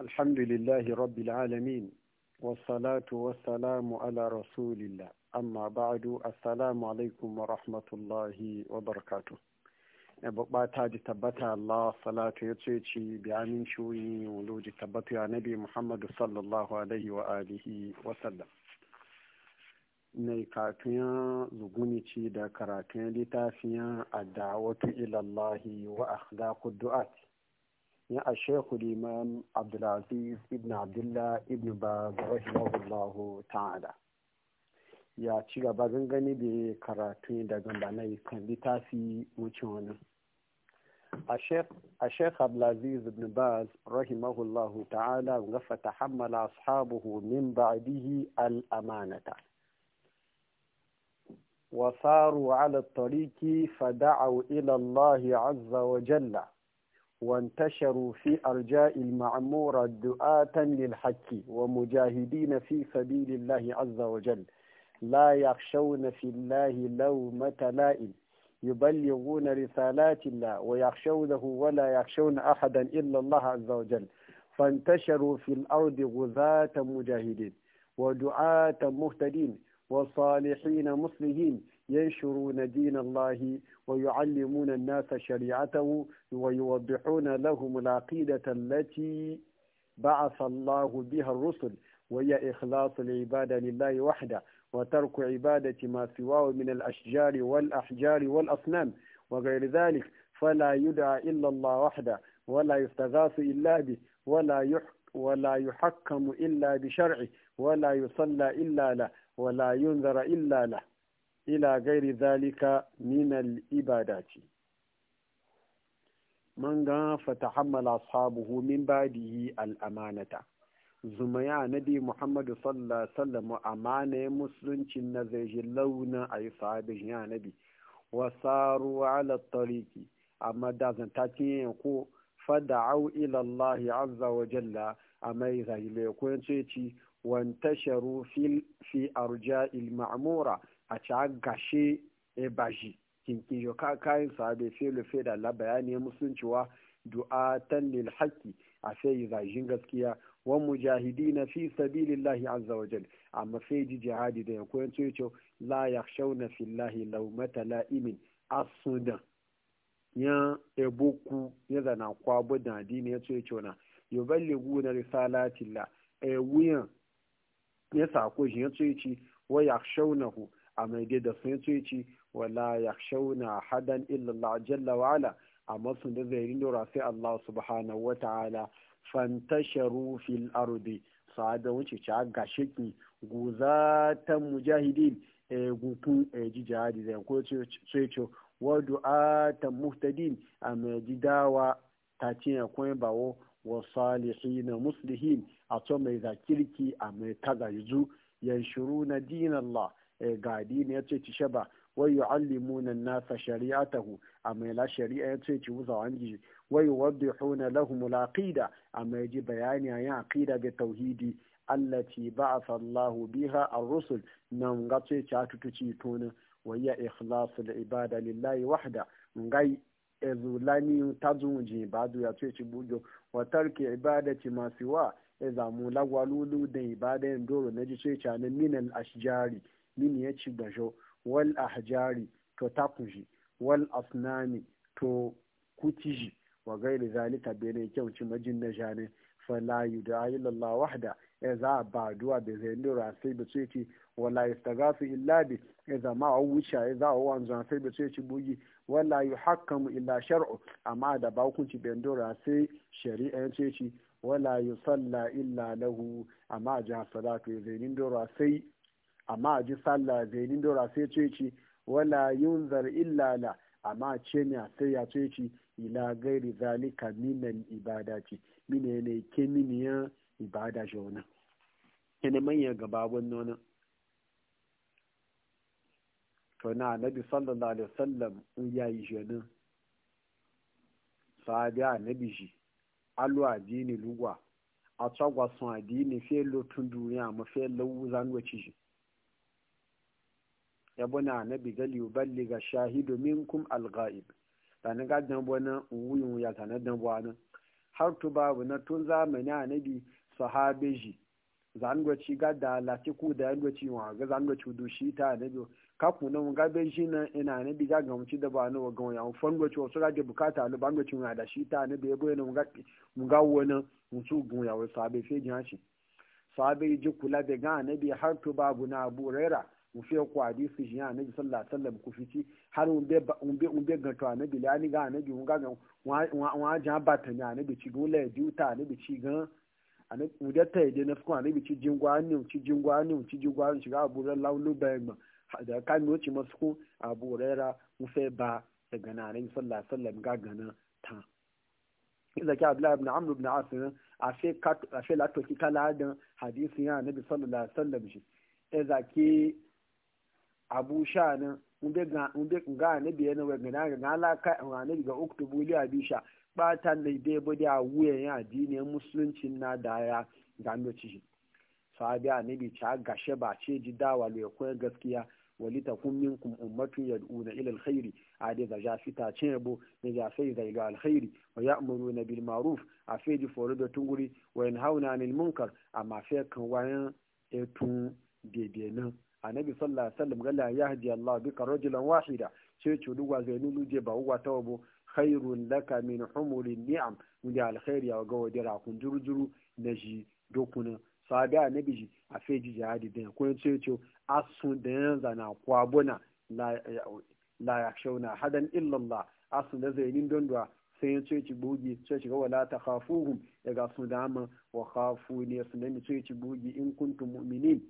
الحمد لله رب العالمين والصلاة والسلام على رسول الله أما بعد السلام عليكم ورحمة الله وبركاته bata ji tabbata Allah salatu ya ce ci bi amin shuyi wuluji tabbata ya nabi Muhammadu sallallahu alaihi wa wa sallam ne katuyan zuguni ci da karatuyan littafiyan adawatu ilallahi wa akhlaqud du'at ya a shekul liman abdulaziz ibn abdullah ibn baz rahimahullahu ta'ala ya ci gaba gangani da karatu da gambanai kan littafi wucin wani a shekh abdulaziz ibn baz rahimahullahu ta'ala gafa ta hammala ashabuhu min ba'dihi al'amanata وصاروا على الطريق فدعوا إلى الله عز وجل وانتشروا في أرجاء المعمورة دعاة للحق ومجاهدين في سبيل الله عز وجل لا يخشون في الله لومة لائم يبلغون رسالات الله ويخشونه ولا يخشون أحدا إلا الله عز وجل فانتشروا في الأرض غزاة مجاهدين ودعاة مهتدين وصالحين مصلحين ينشرون دين الله ويعلمون الناس شريعته ويوضحون لهم العقيدة التي بعث الله بها الرسل وهي إخلاص العبادة لله وحده وترك عبادة ما سواه من الأشجار والأحجار والأصنام وغير ذلك فلا يدعى إلا الله وحده ولا يستغاث إلا به ولا يحكم ولا يحكم إلا بشرعه ولا يصلى إلا له ولا ينذر إلا له ila gairi zalika minal ibadati man ga fatahammala ashabuhu min badihi al'amanata zumaya nabi muhammadu sallallahu alaihi amana ya musulunci na zai ji launa a yi sahabi ya nabi wasaru ala tariki amma da zanta ko fada'au ila Allah azza wa jalla a mai zahilai ko yanci wanta sharu fi arja'il ma'amura a ci gashe e bashi kinkiyo ka kayan sahabe felo fe da Allah bayani du'a du'atan lil haqqi a sai zajin gaskiya wa mujahidina fi sabilillahi azza wa jal amma sai ji jihadi da yankoyin cewa la yakhshawna fillahi mata la'imin asudan ya eboku ya zana kwabu da adini ya ce cewa yuballighu na risalatillah e wuyan ya sako shi ya ce wa yakhshawnahu a mai da sun ci wala ya shauna hadan illa jalla wa ala amma sun da zai rindo sai Allah subhanahu wa ta'ala fantasharu fil ardi sa'ada wuce ci ga shiki guzatan mujahidin e, gukun e, ji jihadi zai ko ce wa du'atan muhtadin a mai dawa ta ce ya kuma bawo wa na muslihin a to mai zakirki a mai kaza yanzu yanshuru na dinan Eh, ga ne ya ce ci shaba wai yu'allimuna an-nasa shari'atahu amma la shari'a ya ce ci wuza wangi wai yuwaddihuna la al a amma ji bayani ayan akida bi tauhidi allati ba'atha sallahu biha a rusul nan ga ce ci atutuci tona waya ikhlasul ibada lillahi wahda ngai ezulani tazunji badu ya ce ci bujo wa tarki ibadati ma siwa ezamu lagwalulu da ibada doro na ji ce ci anan minal min ya ci gajo wal ahjari to takuji wal asnami to kutiji wa gairi zalika bene kyau ci majin na jane fala ayi lallawa wahda ya e za ba duwa bai zai lura sai ba sai ci wala ta illa bi ya e zama a wuce ya e za a wanzu sai ba sai ci bugi wala mu illa shar'u amma da ba hukunci bai lura sai shari'a ya ci wala salla illa lahu amma a ja salatu zai lura sai amma a ji sallah zainin dora sai ce ci wala yunzar illa la amma ce ne sai ya ce ci ila gairi zalika minan ce mine ne ke miniyan ibada shi wani ina manya gaba wani to na nabi sallallahu alaihi wasallam in ya yayi jenin sahabi annabi shi alu adini lugwa a tsagwa sun adini fiye lotun duniya ma fiye lauzan wacce shi yabona na bigali uballi ga shahidu minkum alghaib tani ga dan bona wuyun ya na dan bona har tu babu na tun zamani annabi sahabeji zan go ci ga da lati ku da go ci wa ga zan go ci du shi ta annabi ka ku na ga be na ina annabi ga ga muci da ba na ga ya fon go ci wasu ga ga bukata na ban go ci da shi ta annabi ya boye mun ga mun ga wona mutu gun ya wa sahabe fe jin shi sahabe ji kula da ga annabi har tu babu na abu rera mufi ya hadisi jiya yana sallallahu alaihi wasallam ku fici har umbe umbe gato anabi lani ga anabi mun ga wa ja bata ni anabi ci gole diuta anabi ci gan anabi ude ta ide na ci jingwa ni ci jingwa ni ci jingwa ni shiga abu ran laulu ba egba da kan yo ci masku abu rera mufe ba daga na anabi sallallahu alaihi wasallam ga gana ta idan ki abdullahi ibn amr ibn asim afe kat afe lato ki kala dan hadisi yana abu sha nan umbe ga anabi yana wa na ga alaka anabi ga oktobu li abisha ba ta dai ba a wuyan ya addini musulunci na daya ga noci sahabi anabi ta gashe ba ce ji dawa ya koyar gaskiya wali ta kun minkum ummatu yad'una ila alkhairi a dai ga ja fita ce bo ne ja sai da ila alkhairi wa ya'muruna bil ma'ruf a fe ji foro da tunguri wa yanhauna anil munkar amma fe kan wayan etun bebe nan annabi sallallahu alaihi wasallam galla yahdi Allah bika rajulan wahida ce ce duwa zai nulu je ba uwa wabo khairun laka min humurin ni'am mun alkhairi ya ga wadira kun jurujuru na ji dokunan sahabi annabi ji a feji jihadi da ko ce ce asun da yanzu na kwabuna la shauna hadan illa Allah asun da nin dondowa sai ya ce bugi ce ce wala ta khafuhum daga su wa khafu ne su nemi bugi in kuntum mu'minin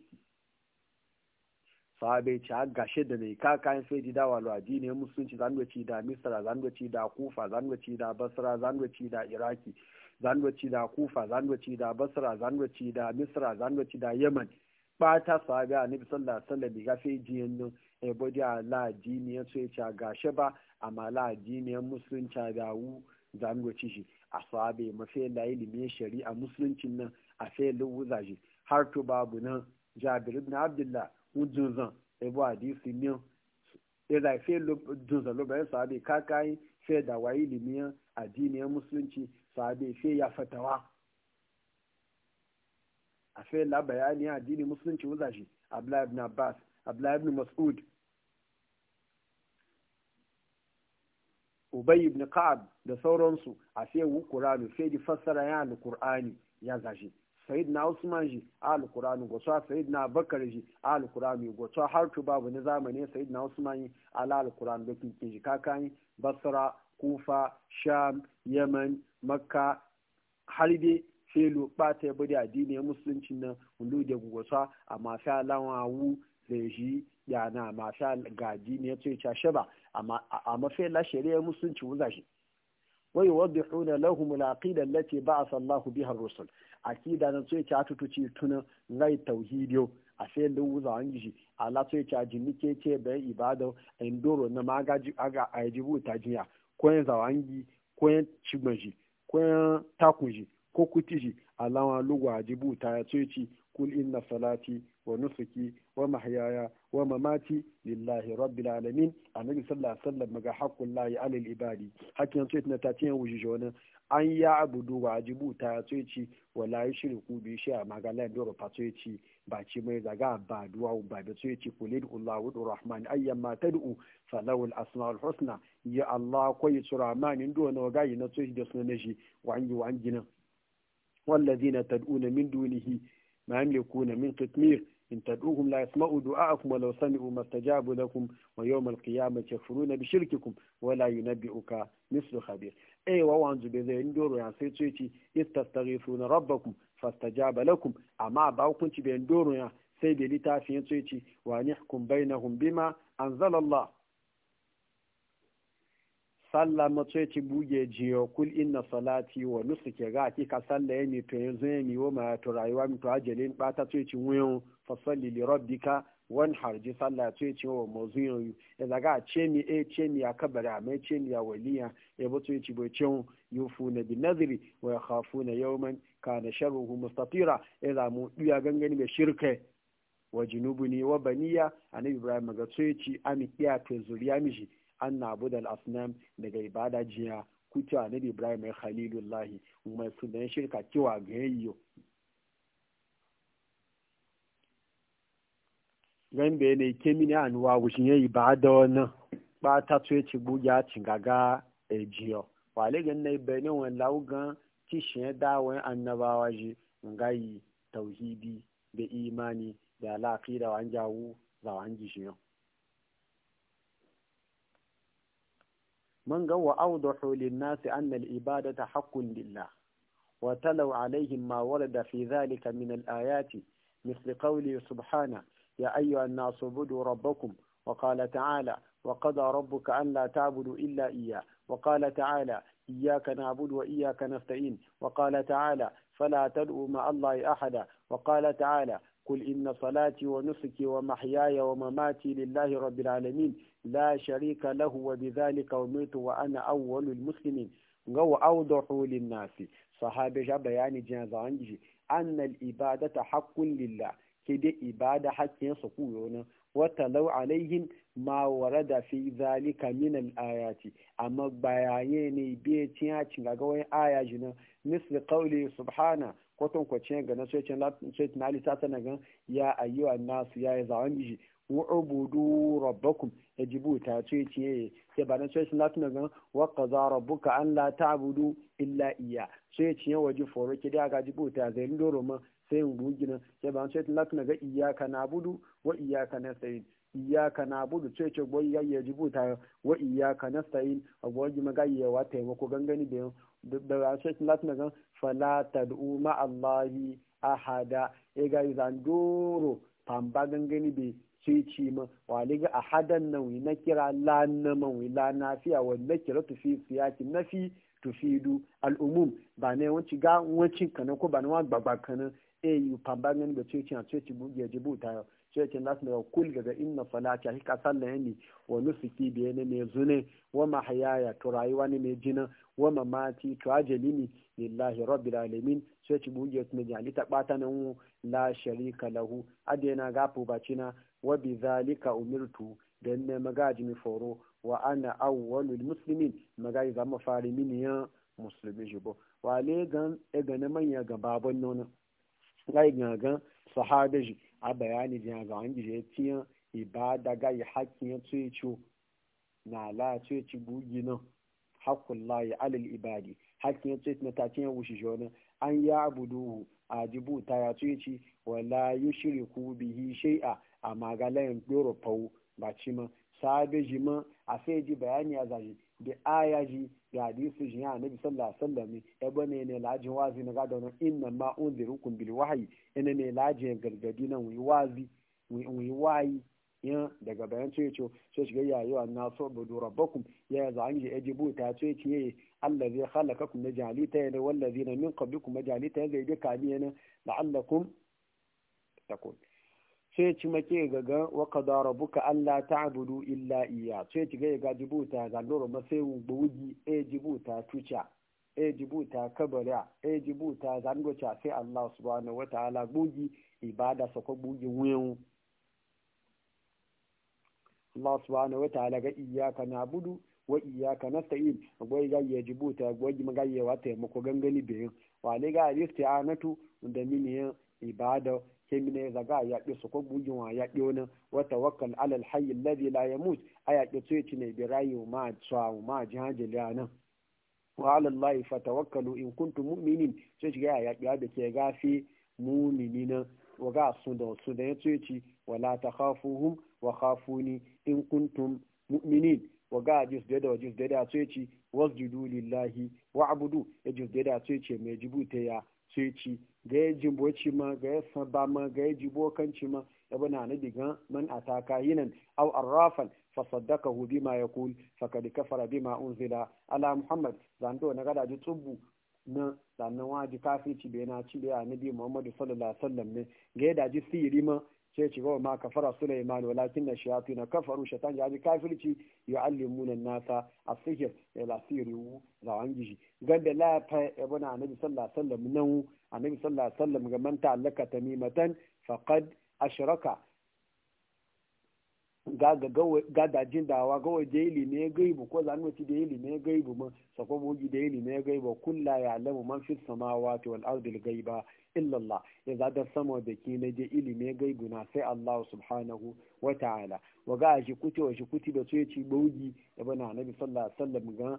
sabe ci a gashe da mai kakayen sai jida da walu ne musulunci zandoci da misra zandoci da kufa zandoci da basra zandoci da iraki zandoci da kufa zandoci da basra zandoci da misra zanwaci da yemen bata a nufi sallallahu alaihi wasallam ga sai ji yanzu eh, a bodi ne su ya ci a gashe ba amma la ne musulunci da wu zandoci shi a sabe mafi la ilimin shari'a musuluncin nan a sai luwuza shi har to babu nan jabir ibn abdullah ń dunzan ẹbọ àdìsí miọ́ ẹ̀rọ àìfẹ́ dunzan ló bẹ̀rẹ̀ sàbẹ̀ káàkiri fẹ́ dàwà ìlú miọ́ àdínìyàn mùsùlùmí sàbẹ̀ fẹ́ ya fatawa àfẹ́ làbàyà ní ni mùsùlùmí wọ́n zazi abdullahi bin abbas abdullahi bin mas'ud ubayi ibn Ka'ab da sauransu a sai wu Qur'ani sai di fassara ya alukur'ani ya zazi. sayyidina usman ji alqur'ani go sa sayyidina bakar ji alqur'ani go sa har tu babu ne zamani sayyidina usman ji ala da kike ji kakani basra kufa sham yemen makka har sai felo bata ya bari addini musulunci nan hundu da gugosa a mafi alawan wu zai ji yana mafi gaji ne ya ce cashe ba a mafi lashari'a musulunci wuza shi wai wadda huna lahu mulaƙi da lati ba a sallahu bihar rusul akida na tsoye ca ci tunan ngai tauhidiyo a sai da wuza an gishi ala tsoye ca jini ke ce bayan ibada indoro na magaji aga a yajibu ta jiya ko yin zawangi ko yin cigbanji ko yin takunji ko kutiji lawan lugu a jibu ta ya tsoye ci kul inna salati wa nusuki wa mahyaya wa mamati lillahi rabbil alamin annabi sallallahu alaihi wasallam maga haƙƙun lahi alil ibadi hakkin tsoye na ta ce wuji jona an ya abudu wa jibu ta tso ci wala yi shi ruku shi a magalai doro fa tso ba ci mai zaga ba duwa wa ba da tso ci ko le du wudu rahman ayyan ma ta du fa lawul husna ya allah ko yi tsura ma ni ndo na ga yi na tso ci da sunan shi wangi wangi na walladina tad'una min dunihi ma yamlikuna min qitmir in tad'uhum la yasma'u du'a'akum wa law sami'u mastajabu lakum wa yawm na qiyamati yakfuruna bi yi na la yunabbi'uka mislu khabir ewa eh, wanzu be zai ndoro ya sai ce ci istastaghifuna rabbakum fastajaba lakum amma ba hukunci be ndoro ya sai be litafin ce ci wa nihkum bainahum bima anzalallah sallah mace ci buge jiyo kul inna salati wa nusuke ga hakika sallah ya mi to yanzu ya mi wo ma to rayuwa mi to ajalin bata ce ci wuyo fasalli li rabbika wani harji sallah ce ce wa mazun yoyu ya zaga a ce mi e ce mi a kabara mai ce mi a waliya ya ba ce ci bai ce yufu na bi naziri wa ya hafu na man ka na sharuhu mustafira ya zamu duya gangani mai shirka wa junubu ne wa baniya na ibrahim ga ce ci ami iya ta zuriya mishi an na abu da al'asunan daga ibada jiya kuta na ibrahim ya khalilullahi mai sunan shirka kiwa ga yayyo gambe ne ke mini anuwa wushin yayi ba da wannan ba ta tsoye ci buya ci gaga ejiyo wale gan nai bene wan laugan kishin da wani annabawa ji ngayi tauhidi da imani da alaƙi da wani jawo za wani gishiyan من قوى أوضح للناس أن الإبادة حق لله وتلوا عليهم ما ورد في ذلك من الآيات مثل قوله سبحانه يا أيها الناس اعبدوا ربكم وقال تعالى وقضى ربك ألا تعبدوا إلا إياه وقال تعالى إياك نعبد وإياك نستعين وقال تعالى فلا تدعوا مع الله أحدا وقال تعالى قل إن صلاتي ونسكي ومحياي ومماتي لله رب العالمين لا شريك له وبذلك أمرت وأنا أول المسلمين غو أوضحوا للناس صحابة بيان جنازة أن الإبادة حق لله sai dai ibada hakkin su ku yona wata lau alaihim ma warada fi zalika min al-ayati amma bayaye ne bi cin ya cin ga wani aya jina misli qauli subhana kwatan cin ga na sai sai na lita ta nan ya ayyuha nasu ya yi zawan biji ubudu rabbakum yajibu ta ce ce sai ba na sai cin latin nan wa qaza rabbuka an la ta'budu illa iya. sai ce waji foro kidi aga jibu ta zai ndoro ma sai mu bugi nan ya ba ce lak na ga iyaka na budu wa iyaka na sayin iyaka na budu ce ce goyi ya yaji buta wa iyaka na sayin a goyi magayewa taimako gangani da yau da ba ce lak na gan fala tad'u ma allahi ahada e ga zandoro pamba gangani be sai ci ma wali ga ahadan nan na kira na man wi la fiya wa nakira tufi siyaki fi tufidu al'umum ba ne wancin ga wancin kanan ko ba ne wa gbagba kanan eyu pambangan ga cece a cece ya ji buta yau cece na su daga inna salati a hika sallah ya ne wa nusuki biye ne mai zune wa mahayaya to rayuwa ne mai jina wa mamati to ajali ne lillahi rabbil alamin cece buge su ne jali ta bata nan la sharika lahu adena gafu bacina wa bi zalika umirtu da ne magaji mi foro wa ana awwalul muslimin magaji zama fari ya musulmi jibo wale gan egana manya ga babon nonon lai gangan sahabeji a bayani jin ga an gije tiyan ibada ga yi hakkin ya tsoye ciwo na la tsoye ci bugi nan hakkun layi alil ibadi hakkin ya na takin ya wuce jona an ya abudu a ta ya tsoye ci wala yi shiri ku bihi shai a magalayan ɗoro fau ba ci ma sahabeji ma a sai ji bayani a zaji da aya ji da hadisi ji ya nabi sallallahu alaihi wasallam ya bane ne laji wazi na ga don inna ma unzirukum bil wahyi ina ne laji gargadi nan wi wazi wi wayi ya daga bayan ce ce sai shiga yayi wa na so budu rabbakum ya za an ji ajibu ta ce ce allazi khalaqakum majalita ya wallazina min qablikum majalita ya zai da kamiya na la'allakum takun sai ci make gaga wa qada allah alla ta'budu illa iya sai ci ga ga jibuta ga loro ma sai e jibuta tucha e jibuta kabara e eh, jibuta zangocha sai Allah subhanahu wataala bugi ibada sako bugi wuyen Allah subhanahu wataala ga iyyaka na'budu wa iyyaka nasta'in goyi ga jibuta goyi magayewa taimako gangani biyu wa ne ga isti'anatu da miniyan ibada kemine zaga ya ɓe su ko bugin wa ya ɓe wani wata wakkal alal hayyi alladhi la a ya ɗi tuyi ne bi rayu ma tsawu ma liya nan wa ala fata wakalu in kuntu mu'minin sai shiga ya ɗi da ke gafi na wa ga su da su da ya tuyi wala takhafuhum wa ni in kuntu mu'minin wa ga jis da wa jis da ya wasu wasjudu lillahi abudu ya jis da ya tuyi mai ta ya sai ci ga ya ji boci ma ga ya saba ma ga ya ji bokanci ma ya bana na diga man ataka hinan au arrafan fa saddakahu bima yaqul faqad kafara bima unzila ala muhammad zando na gada ji tubbu na sannan waji kafirci bai na ci bai annabi muhammadu sallallahu alaihi wasallam ne ga ya daji sirri ma sai ci gawa ma kafara Sulaiman walakin na shayatu na kafaru shaitan ya ji kafirci ya allimuna nasa a sihir ya lasiru rawan gishi ganda la fa ibn annabi sallallahu alaihi wasallam nan annabi sallallahu alaihi wasallam ga man ta'allaka tamimatan faqad ashraka ga dajin dawa ga waje ilimi ya gaibu ko zanen ci da ilimi ya gaibu man sako bogi da ilimi ya gaibu kulla ya lamu man fi sama wato wal ardil gaiba illallah ya zada sama da ki na je ilimi ya gaibu na sai Allah subhanahu wa ta'ala wa ga shi kuti wa shi kuti da su ya ci bogi ya bana annabi sallallahu alaihi wasallam ga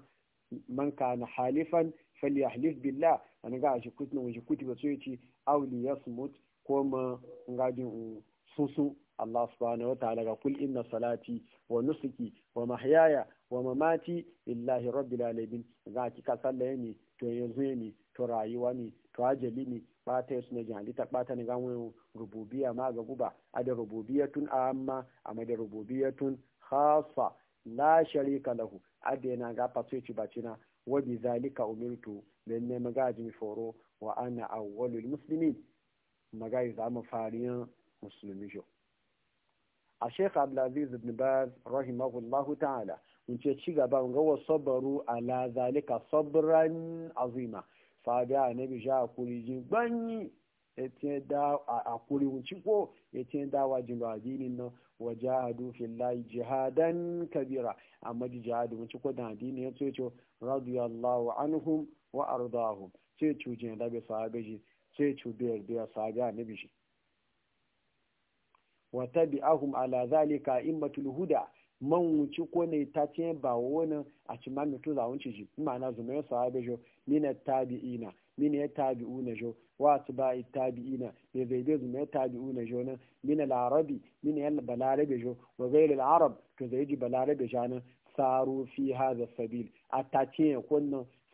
man kana halifan falyahlif billah an ga shi kuti wa shi kuti da su ya ci auli yasmut ko ma ngajin susu Allah subhanahu wa ta'ala ga kul inna salati wa nusuki wa mahyaya wa mamati lillahi rabbil alamin ga kika sallaye ni to yanzu ni to rayuwa ni to ajali ni bata yasu na jihadi ta bata ni gamu rububiyya ma ga guba a da rububiyatun amma a ma da rububiyatun khassa la sharika lahu adena ga fatso ci bacina wa bi zalika umirtu dan ne magaji foro wa ana awwalul muslimin magaji zama fariyan musulmi jo a sheikh abdulaziz ibn baz rahimahullahu ta'ala mun ce ci gaba ga wasabaru ala zalika sabran azima sabi annabi ja kuri jin banyi yace da a kuri wuci ko yace da wajin wajinin nan wajahadu fillahi jihadan kabira amma jihadu ci ko da addini yace ce radiyallahu anhum wa ardahum sai cuje da bi sahabeji sai cuje da sahabi annabi wa ahum ala zalika immatul huda man wuci ko ne ta ce ba wani a ci mami to za wuce ji ma'ana zumai sahabe jo mina tabi'ina mina ya tabi'una jo wa atba'i tabi'ina ne zai dai zumai tabi'una jo nan mina larabi mina ya balarabe jo wa ghairil arab to zai ji balarabe janan saru fi hadha sabil a ta ce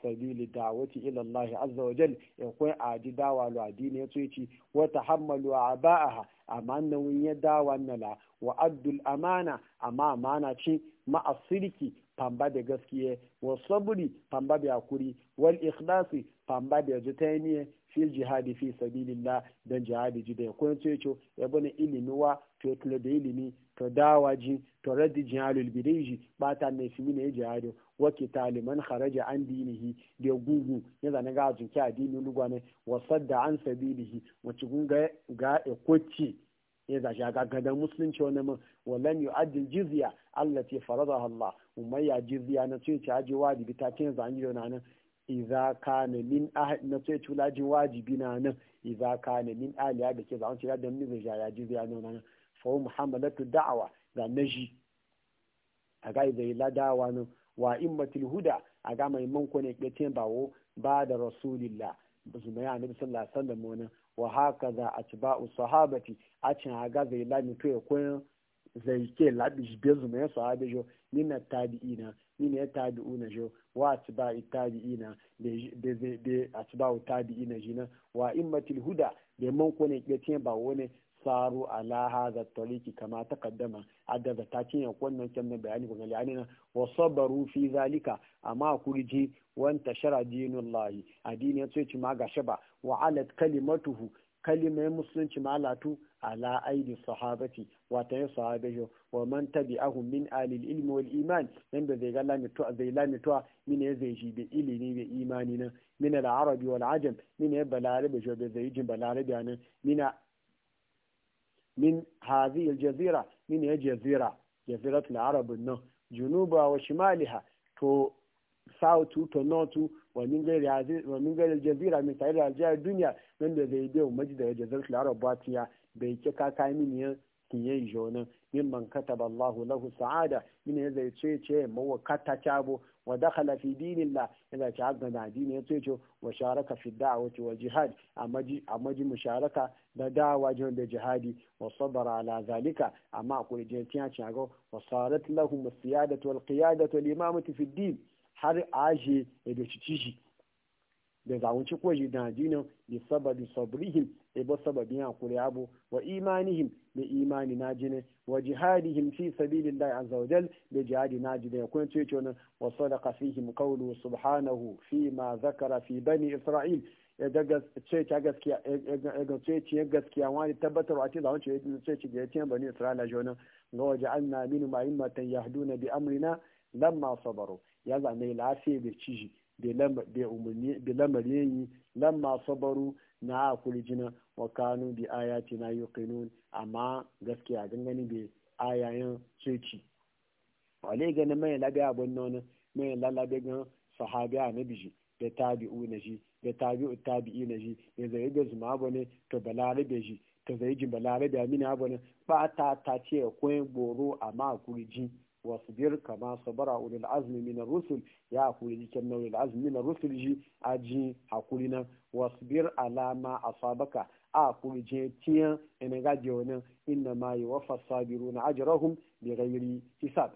sabili dawati ila Allah azza wa jal ya kwai aji dawa lo adini ya tsoci wa tahammalu aba'aha amma wun ya dawa nala wa addul amana amma amana ce ma asirki famba da gaskiya wa saburi famba da hakuri wal ikhlasi famba da jitaniye fi jihadi fi sabilillah dan jihadi ji da kun ce ya bani ilimi wa to tule da ilimi to dawaji to raddi jihalul bidiji bata ne fi mine jihadi wa kitali man kharaja an dinihi da gugu ya zana ga ajin ki adini lugwane wa sadda an sabilihi wa cikin ga ga e ekoci ya zashi a gaggadan musulunci wani mun wallan yi ajin jizya Allah ce farada Allah umayya jizya na ce ci aji wajibi ta ce yanzu an yi yana nan iza ka na min ahad na ce tula ji wajibi na nan iza ka na min ahli da ke zaun shiga da mizin jaya jizya na nan fa muhammadatu da'awa da naji a ga izai ladawa nan wa immatul huda a ga mai manko ne ke ce bawo ba da rasulillah zumaya annabi sallallahu alaihi wasallam wannan wa haka za a ci ba'u sahabati a cin haga zai lami to ya koyan zai ke labi shi ya mai sahabi jo ni na ina ni na tabi una jo wa a ci ba'u tabi'ina da a ci ba'u tabi'ina jina wa immatil huda da man kone ke ba wani saru ala hadha tariki kama taqaddama da ta cin ya kunnan kan bayani ga gani na wa sabaru fi zalika amma kurji wan tashara dinullahi adini yace ci ma gashe ba wa alat kalimatuhu kalimai musulunci malatu ala aidi sahabati wata yin sahabejo wa man tabi'ahum min alil ilmi wal iman nan da zai gala mitu zai la min ya zai da ilimi da imani nan min al arabi wal ajam min ya balarabe jo zai balarabe nan min min hazi jazira min ya jazira jazirat arabin nan junuba wa shimaliha to south to north wa min gairi jazira min tare da duniya nan da zai biya umarci daga jazirat arab batiya bai ke kaka min ya kiye jonin min man kataba allahu lahu sa'ada min ya zai ce ce mawa kata cabo wa dakhala fi dinillah yana ci haka da addini ya tsoyo wa sharaka fi da'wati wa jihad amma ji musharaka da da'awa jihar da jihadi wa sabara ala zalika amma akwai jintiya ci haka wa sarat lahum siyadatu wal qiyadatu wal imamatu fi din har aje da ci ci da zawunci ko ji da addinin bi sababi sabrihim ebo sababin hakuri abu wa imanihim da imani na jine wa jihadihim fi sabilillahi azza wa jal da jihadi na jine ya kun ce cewa wa sadaqa fihim qawlu subhanahu fi ma zakara fi bani isra'il ya ce ta gaskiya ya ce ce gaskiya wani tabbatar a ce zawon ce ce ce ga yace bani isra'ila jona ga waje an na minu ma min ma'immatan yahduna bi amrina lamma sabaru ya zame lafiya da ciji da lamari yi lamma sabaru na hakuri jina wa kanu bi ayati na yuqinun amma gaskiya gangani bi ayayen ceci wale ganin mai labe abun nan mai lalabe gan sahabi annabi ji da tabi'u na ji da tabi'u tabi'i na ji da zai ga zuma bane to balarabe ji to zai ji balarabe amina bane ba ta ta ce kwen boro amma hakuri ji wasbir kama sabara ulul azmi min ar-rusul ya hakuri jikin na ulul azmi min ar-rusul ji aji hakuri na wasbir ala ma asabaka a hakuri je tiya ina je wani inna ma yuwaffa sabiruna ajrahum bighairi hisab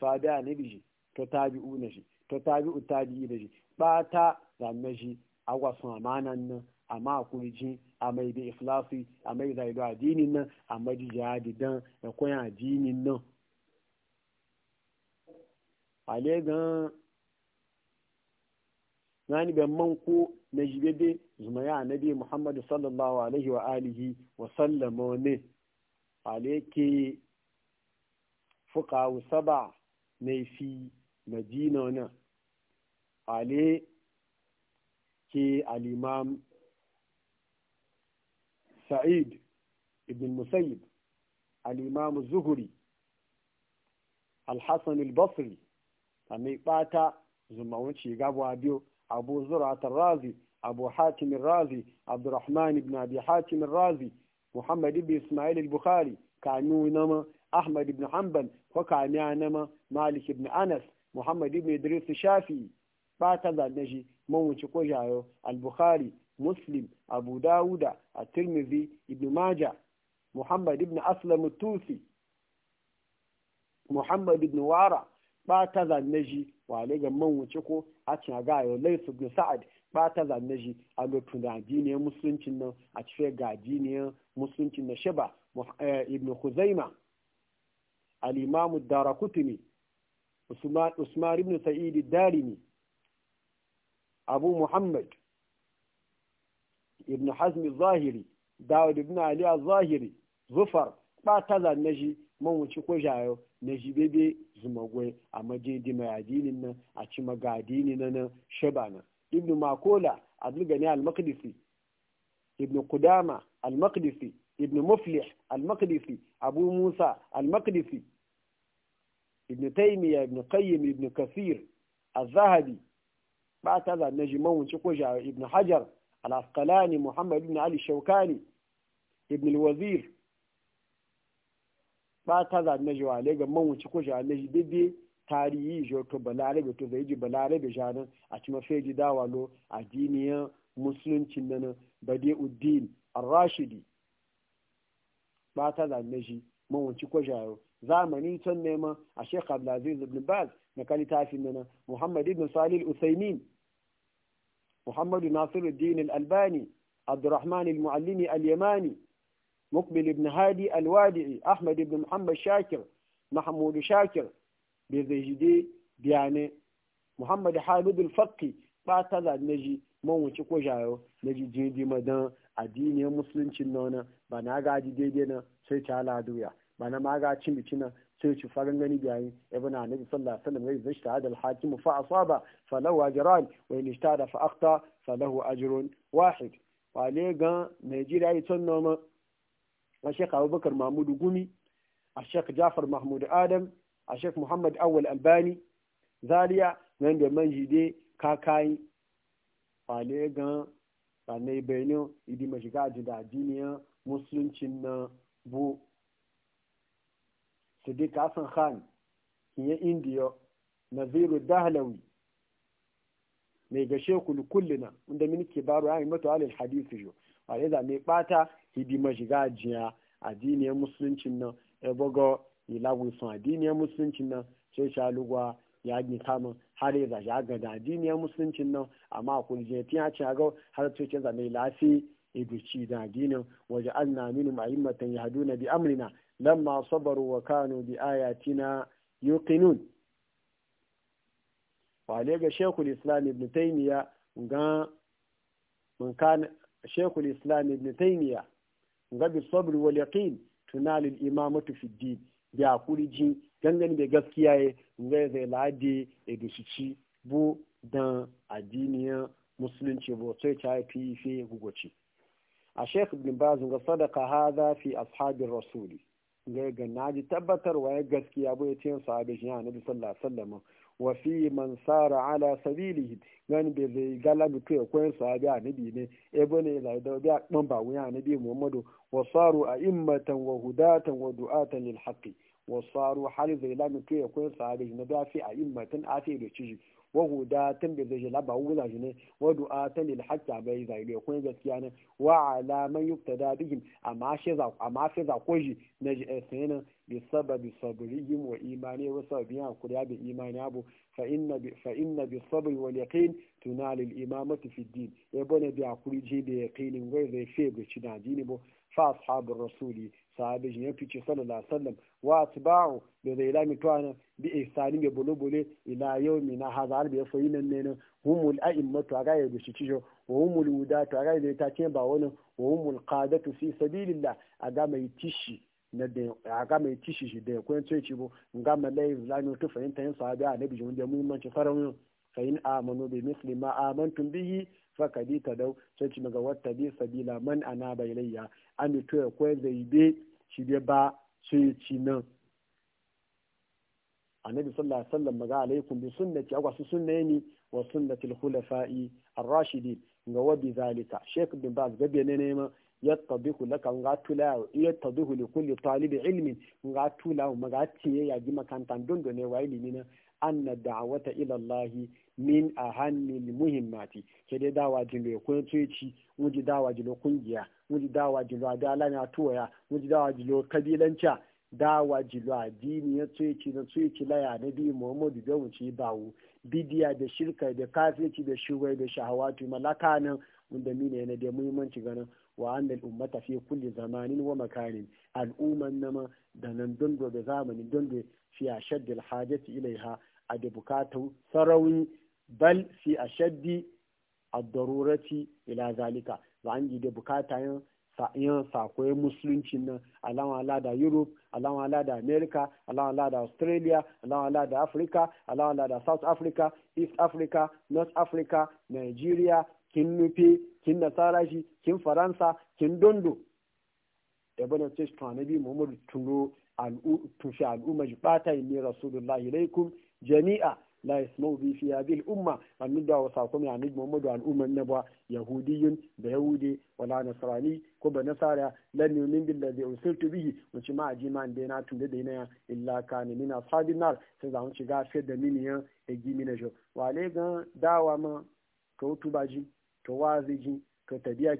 sabiya ne biji to tabi na shi to tabi tabi'i da shi ba ta zanna shi agwasun amanan nan amma a kurji a mai da ikhlasi a mai da ido addinin nan a mai da jihadi dan da koyan addinin nan ale gan nani ban man ko na jibebe ya annabi muhammadu sallallahu alaihi wa alihi wa sallama ne ale ke fuqawu saba ne fi madina na ale ke al-imam سعيد بن المسيب الإمام الزهري الحسن البصري أمي باتا زمون شيغابو أبيو أبو زرعة الرازي أبو حاتم الرازي عبد الرحمن بن أبي حاتم الرازي محمد بن إسماعيل البخاري كانو نما أحمد بن حنبل وكانيا نما مالك بن أنس محمد بن إدريس الشافعي باتا ذا نجي mawuci ko jayo al-bukhari muslim abu dawuda at-tirmidhi ibn maja muhammad ibn aslam tusi muhammad ibn wara ba ta zanne shi wale ga mawuci ko a cin ga yau laisu ibn sa'ad ba ta zanne shi a lokacin da addiniyar musuluncin nan a cikin ga addiniyar musuluncin na shaba eh, ibn khuzaima al-imam ad-darqutni usman ibn sa'id ad-darimi abu muhammad ibn hazmi zahiri dawud ibn ali zahiri zufar ba ta zanne shi man wuce ko jayo na shi bebe zumagwai a majidi mai adinin nan a ci maga adini na nan shaba nan ibn makola abdulgani al-maqdisi ibn kudama al-maqdisi ibn muflih al-maqdisi abu musa al-maqdisi ibn taymiya ibn qayyim ibn kasir al-zahabi ba ta zanne shi mawunci ko ja ibn hajar al-asqalani muhammad ibn ali shaukani ibn al-wazir ba ta zanne shi wale ga mawunci ko ja ne bibbi tarihi jo to balarabe to zai ji balarabe janan a ci mafeji dawalo addiniyan musuluncin nan badi'uddin ar-rashidi ba ta zanne shi mawunci ko jayo zamani tun nema a shekh abdulaziz ibn baz na kan littafin nan muhammad ibn salih al-usaimin محمد ناصر الدين الألباني عبد الرحمن المعلمي اليماني مقبل بن هادي الوادعي أحمد بن محمد شاكر محمود شاكر بزيجدي بياني محمد حامد الفقي بعتذا نجي mun wuce ko jayo na jijiyar madan addiniyar musuluncin nona ba na gaji daidai na sai ta laduya bana ma ga cin bici nan sai ci farin gani biyayi ibn annabi sallallahu alaihi wasallam yayin da al hakim fa asaba falahu ajran wa in ishtada fa akhta falahu ajrun wahid wale ga Najeriya yi ton noma a Sheikh Abubakar Mahmud Gumi a Sheikh Jafar Mahmud Adam a Sheikh Muhammad Awal Albani Zaria nan da manjide kakai wale ga sanai bayanin idi mashiga da diniya musuluncin na bu Siddiq Hassan Khan ya indiya Naziru Dahlawi mai ga shekul na inda mini baro ya yi mata alil hadisi jo a yadda mai bata hidima shiga jiya addiniyar musuluncin nan ebogo ilagwai sun addiniyar musuluncin nan sai lugwa ya gin kama har ya gada a da musuluncin nan amma kulje tun ya ce aga har to ce zame lafi iduci da addinin waje an na minu ma'immatan ya hadu na bi amrina لما صبروا wa بآياتنا bi ayatina yuqinun الإسلام ابن تيمية islam كان taymiya ga ابن تيمية shekul الصبر واليقين تنال الإمامة في الدين ya kuri ji imamatu kuriji gangan da gaskiya ya zai zai ladi e dusuci bu dan addiniya musulunci bu sai ta fi fi gugoci a shekul ibn bazin ga sadaka hadha fi ashabin rasuli gai ga ji tabbatarwa ya gaskiya ya ce sahabi shi annabi sallallahu alaihi wasallam wa fi man sara ala sabilihi gan be zai gala mutu ya koyin sahabi annabi ne e bane zai da bi dan ba wuya annabi muhammadu wa saru a'immatan wa hudatan wa du'atan lil haqqi wa saru hal zai la mutu ya koyin sahabi ne a fi a'immatan afi da ciji wa huda tun bi zai laba wula shi ne wa du'a tan lil hakka bai zai da kun gaskiya ne wa ala yukta da bihim amma shi za amma fi za ko shi na ji eh, sanin bi sababi sabrihim wa imani wa sababi hakuri bi imani abu fa inna bi fa inna bi sabri wal yaqin tunal al imamati fi din e bone bi hakuri ji da yaqinin wai zai fe ga ci da dini bo fa ashabur rasuli sahabe shi ya fice sallallahu sallam wa atba'u da zai lami tuwana bi ihsani ga bulubule ila yawmi na hada albi ya soyi nan ne humul a'immatu aga ya gushi cijo wa humul wudatu aga ya ta ce ba wani wa humul qadatu fi sabilillah aga mai tishi na da aga mai tishi shi da kun ce ci bo nga malai lani to fahimta yin sahabe annabi jin da muhimmanci farawun fa in amanu bi misli ma amantum bihi fakadi ta dau sai ci daga wata bi sabila man ana layya. to ya kwaya zai be shi dai ba su yi ci nan annabi sallallahu alaihi wasallam maga alaikum bi sunnati agwa su sunna ni wa sunnati al-khulafa'i ar-rashidin ga wa bi zalika sheikh bin baz gabe ne ne ma yattabihu laka nga tula yattabihu li kulli talibi ilmin nga tula maga tiye ya gima kantan dondo ne wa an na anna da'wata ila min a hannun muhimmati ke dai dawa jin ya kun tuci wuji dawa jin kungiya wuji dawa jin a dala na tuwaya wuji dawa jin lo kabilanca dawa jin a dini ya tuci na tuci laya na bi muhammadu da wuce bawo bidiya da shirka da kafirci da shugai da shahawatu malaka nan wanda mine yana da muhimmanci ganin wa annal ummata fi kulli zamanin wa makanin al'umman nama da nan dondo da zamanin dondo fi ashaddil hajati ilaiha a da bukatun sarauni bal fi ashaddi ad-darurati ila zalika an ji da bukata yin yin sakoyin musulunci nan alama ala da europe alama ala da america alama ala da australia alama ala da africa alama ala da south africa east africa north africa nigeria kin nufe kin nasara shi kin faransa kin dondo da bana ce bi muhammadu turo tushe al'umma ji bata ne rasulullahi laikum jami'a la yasmau bi fi hadhihi al-umma annuda wa saqum ya nabi muhammadu al-umman nabwa yahudiyyun da yahudi wala nasrani ko ba nasara lan yumin da zai ursiltu bihi wuce ma ajiman da na tunde da ina illa kana min ashabin nar sai za mu ci gafe da mini ya e gimi na wa wale ga dawa ma ka utubaji to wazi ji ka tabiya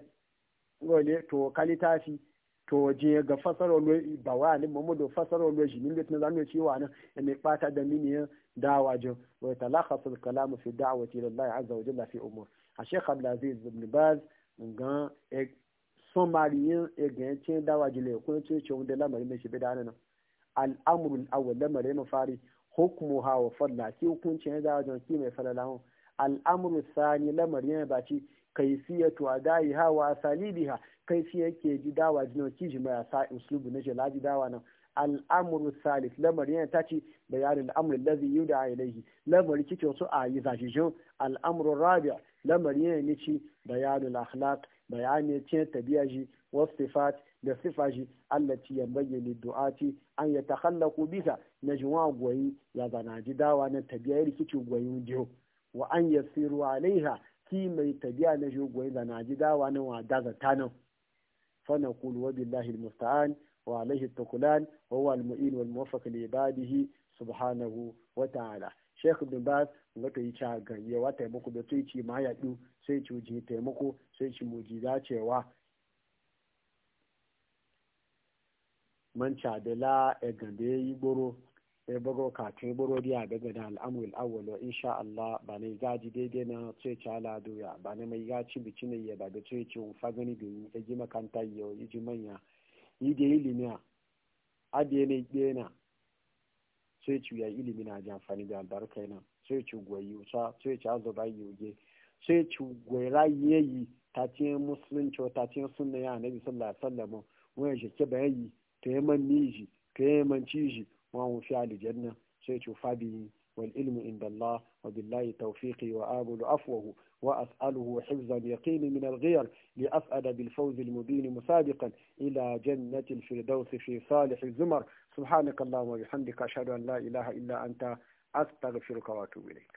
gole to kalitafi to je ga fasaro lo ba wa ni mamu do fasaro lo shi min bitin zamu ci wa nan ne fata da mini dawa jo wa talakhasu al kalam fi da'wati ila Allah azza wa jalla fi umur a Sheikh Abdul Aziz ibn Baz ngan e somariyin e gan ce dawa jile ko ce lamarin ne shi bi da nan al amru al awwal lamarin mafari hukmuha wa fadla ki hukuncin dawa jon ki mai falala al amru thani lamarin ba ci kaifiyatu adaiha wa asalibiha kaifiyar yake ji dawa jino kiji mai sa uslubu na jalaji dawa nan al'amuru salis lamarin yana tace bayanin al'amuru lazi yi da ilaihi lamarin kike wasu a yi zajijin al'amuru rabia lamarin yana nici bayanin al'akhlaq bayanin cin tabiya ji sifat da sifa ji allati yambaye li du'ati an ya takhallaku bisa na jiwa goyi ya zana ji dawa na tabiya rikici goyi jiho wa an yasiru alaiha ki mai tabiya na shugwai da na ji dawa na wa da zata nan fa na kulu wa billahi musta'an wa alaihi takulan wa huwa almu'in wal muwaffaq li ibadihi subhanahu wa ta'ala sheikh ibn baz ga yi cha ganye wa taimako da to yi ma ya du sai ci uji taimako sai ci muji dacewa man cha da la e gande yi goro sai bago katin burodi a daga da al'amul in sha Allah ba ne gaji daidai na tsoye ci ala doya ba ne mai gaci bici ne ya daga da ci un fagani ji makanta ji manya yi da ilimi a adiye ɗaya na tsoye ci ya ilimi na ji da albarka yana tsoye ci yi wuta ci yi ci yi ta ce musulunci ta ce sunna ya sallallahu alaihi wasallam wani shi ji man وهو في الجنة شيء به والعلم عند الله وبالله توفيقي وآمل عفوه وأسأله حفظ اليقين من الغير لأسأل بالفوز المبين مسابقا إلى جنة الفردوس في صالح الزمر سبحانك اللهم وبحمدك أشهد أن لا إله إلا أنت أستغفرك وأتوب إليك